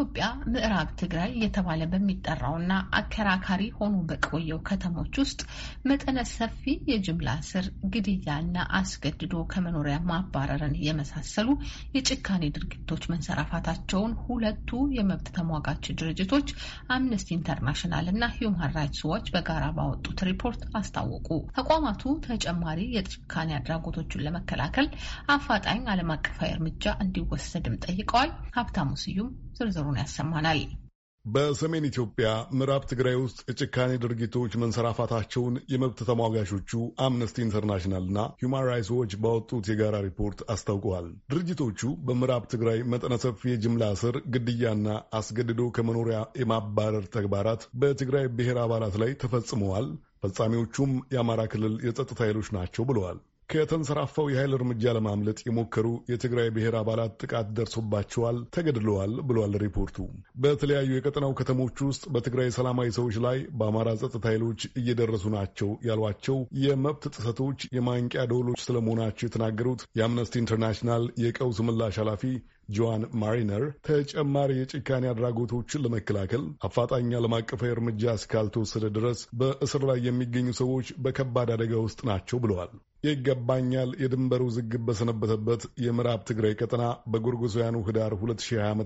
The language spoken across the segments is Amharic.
በኢትዮጵያ ምዕራብ ትግራይ እየተባለ በሚጠራውና አከራካሪ ሆኖ በቆየው ከተሞች ውስጥ መጠነ ሰፊ የጅምላ እስር፣ ግድያና አስገድዶ ከመኖሪያ ማባረርን የመሳሰሉ የጭካኔ ድርጊቶች መንሰራፋታቸውን ሁለቱ የመብት ተሟጋች ድርጅቶች አምነስቲ ኢንተርናሽናል እና ሂውማን ራይትስ ዋች በጋራ ባወጡት ሪፖርት አስታወቁ። ተቋማቱ ተጨማሪ የጭካኔ አድራጎቶችን ለመከላከል አፋጣኝ ዓለም አቀፋዊ እርምጃ እንዲወሰድም ጠይቀዋል። ሀብታሙ ስዩም ዝርዝሩ መጀመሩን ያሰማናል። በሰሜን ኢትዮጵያ ምዕራብ ትግራይ ውስጥ የጭካኔ ድርጊቶች መንሰራፋታቸውን የመብት ተሟጋቾቹ አምነስቲ ኢንተርናሽናልና ሁማን ራይትስ ዎች ባወጡት የጋራ ሪፖርት አስታውቀዋል። ድርጅቶቹ በምዕራብ ትግራይ መጠነ ሰፊ የጅምላ እስር፣ ግድያና አስገድዶ ከመኖሪያ የማባረር ተግባራት በትግራይ ብሔር አባላት ላይ ተፈጽመዋል። ፈጻሚዎቹም የአማራ ክልል የጸጥታ ኃይሎች ናቸው ብለዋል። ከተንሰራፋው የኃይል እርምጃ ለማምለጥ የሞከሩ የትግራይ ብሔር አባላት ጥቃት ደርሶባቸዋል፣ ተገድለዋል ብሏል ሪፖርቱ። በተለያዩ የቀጠናው ከተሞች ውስጥ በትግራይ ሰላማዊ ሰዎች ላይ በአማራ ጸጥታ ኃይሎች እየደረሱ ናቸው ያሏቸው የመብት ጥሰቶች የማንቂያ ደውሎች ስለመሆናቸው የተናገሩት የአምነስቲ ኢንተርናሽናል የቀውስ ምላሽ ኃላፊ ጆዋን ማሪነር ተጨማሪ የጭካኔ አድራጎቶችን ለመከላከል አፋጣኝ ዓለም አቀፋዊ እርምጃ እስካልተወሰደ ድረስ በእስር ላይ የሚገኙ ሰዎች በከባድ አደጋ ውስጥ ናቸው ብለዋል። ይገባኛል የድንበር ውዝግብ በሰነበተበት የምዕራብ ትግራይ ቀጠና በጎርጎሳውያኑ ህዳር 2020 ዓ ም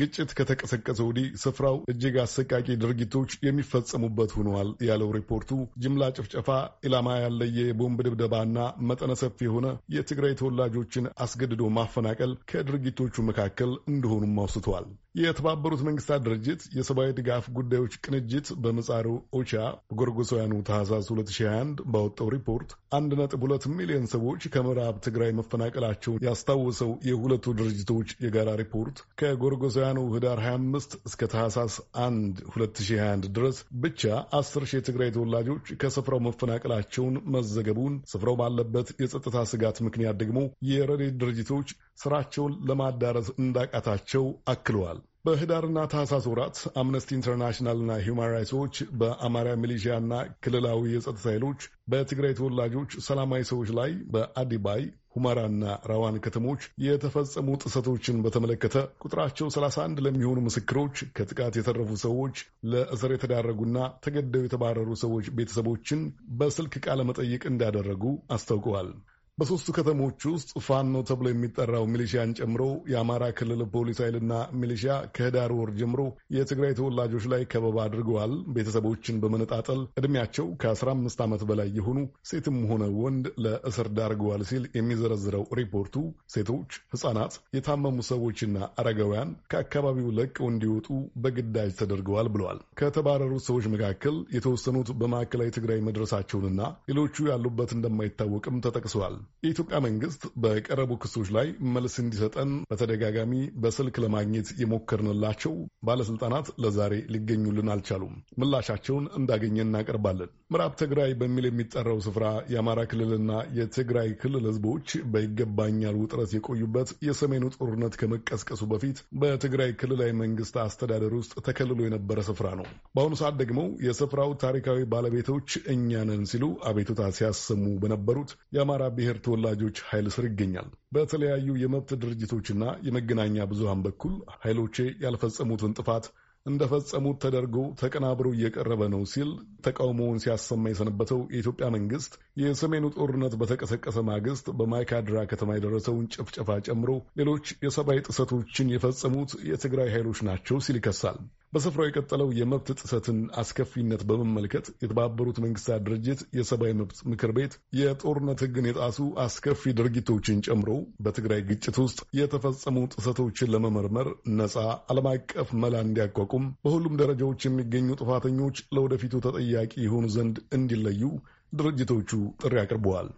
ግጭት ከተቀሰቀሰ ወዲህ ስፍራው እጅግ አሰቃቂ ድርጊቶች የሚፈጸሙበት ሆኗል። ያለው ሪፖርቱ ጅምላ ጭፍጨፋ፣ ኢላማ ያለየ የቦምብ ድብደባና መጠነ ሰፊ የሆነ የትግራይ ተወላጆችን አስገድዶ ማፈናቀል ከድርጊቶች ተጠቃሚዎቹ መካከል እንደሆኑም አውስተዋል። የተባበሩት መንግስታት ድርጅት የሰብአዊ ድጋፍ ጉዳዮች ቅንጅት በመጻሩ ኦቻ በጎርጎሳውያኑ ታህሳስ 2021 ባወጣው ሪፖርት 1.2 ሚሊዮን ሰዎች ከምዕራብ ትግራይ መፈናቀላቸውን ያስታወሰው የሁለቱ ድርጅቶች የጋራ ሪፖርት ከጎርጎሳውያኑ ህዳር 25 እስከ ታህሳስ 1 2021 ድረስ ብቻ 10 ሺህ የትግራይ ተወላጆች ከስፍራው መፈናቀላቸውን መዘገቡን፣ ስፍራው ባለበት የጸጥታ ስጋት ምክንያት ደግሞ የረዴድ ድርጅቶች ስራቸውን ለማዳረስ እንዳቃታቸው አክለዋል። በህዳርና ታህሳስ ወራት አምነስቲ ኢንተርናሽናልና ሂውማን ራይትስ ዎች በአማራ ሚሊሺያና ክልላዊ የጸጥታ ኃይሎች በትግራይ ተወላጆች ሰላማዊ ሰዎች ላይ በአዲባይ ሁመራና ራዋን ከተሞች የተፈጸሙ ጥሰቶችን በተመለከተ ቁጥራቸው 31 ለሚሆኑ ምስክሮች ከጥቃት የተረፉ ሰዎች ለእስር የተዳረጉና ተገደው የተባረሩ ሰዎች ቤተሰቦችን በስልክ ቃለ መጠይቅ እንዳደረጉ አስታውቀዋል። በሦስቱ ከተሞች ውስጥ ፋኖ ተብሎ የሚጠራው ሚሊሺያን ጨምሮ የአማራ ክልል ፖሊስ ኃይልና ሚሊሺያ ከህዳር ወር ጀምሮ የትግራይ ተወላጆች ላይ ከበባ አድርገዋል። ቤተሰቦችን በመነጣጠል ዕድሜያቸው ከ15 ዓመት በላይ የሆኑ ሴትም ሆነ ወንድ ለእስር ዳርገዋል ሲል የሚዘረዝረው ሪፖርቱ ሴቶች፣ ሕፃናት፣ የታመሙ ሰዎችና አረጋውያን ከአካባቢው ለቀው እንዲወጡ በግዳጅ ተደርገዋል ብለዋል። ከተባረሩት ሰዎች መካከል የተወሰኑት በማዕከላዊ ትግራይ መድረሳቸውንና ሌሎቹ ያሉበት እንደማይታወቅም ተጠቅሰዋል። የኢትዮጵያ መንግስት በቀረቡ ክሶች ላይ መልስ እንዲሰጠን በተደጋጋሚ በስልክ ለማግኘት የሞከርንላቸው ባለስልጣናት ለዛሬ ሊገኙልን አልቻሉም። ምላሻቸውን እንዳገኘ እናቀርባለን። ምዕራብ ትግራይ በሚል የሚጠራው ስፍራ የአማራ ክልልና የትግራይ ክልል ህዝቦች በይገባኛል ውጥረት የቆዩበት የሰሜኑ ጦርነት ከመቀስቀሱ በፊት በትግራይ ክልላዊ መንግስት አስተዳደር ውስጥ ተከልሎ የነበረ ስፍራ ነው። በአሁኑ ሰዓት ደግሞ የስፍራው ታሪካዊ ባለቤቶች እኛ ነን ሲሉ አቤቱታ ሲያሰሙ በነበሩት የአማራ ብሔር የብሔር ተወላጆች ኃይል ስር ይገኛል። በተለያዩ የመብት ድርጅቶችና የመገናኛ ብዙሃን በኩል ኃይሎቼ ያልፈጸሙትን ጥፋት እንደፈጸሙት ተደርጎ ተቀናብሮ እየቀረበ ነው ሲል ተቃውሞውን ሲያሰማ የሰነበተው የኢትዮጵያ መንግስት የሰሜኑ ጦርነት በተቀሰቀሰ ማግስት በማይካድራ ከተማ የደረሰውን ጭፍጨፋ ጨምሮ ሌሎች የሰብአዊ ጥሰቶችን የፈጸሙት የትግራይ ኃይሎች ናቸው ሲል ይከሳል። በስፍራው የቀጠለው የመብት ጥሰትን አስከፊነት በመመልከት የተባበሩት መንግስታት ድርጅት የሰብአዊ መብት ምክር ቤት የጦርነት ሕግን የጣሱ አስከፊ ድርጊቶችን ጨምሮ በትግራይ ግጭት ውስጥ የተፈጸሙ ጥሰቶችን ለመመርመር ነፃ ዓለም አቀፍ መላ እንዲያቋቁም በሁሉም ደረጃዎች የሚገኙ ጥፋተኞች ለወደፊቱ ተጠያቂ የሆኑ ዘንድ እንዲለዩ ድርጅቶቹ ጥሪ አቅርበዋል።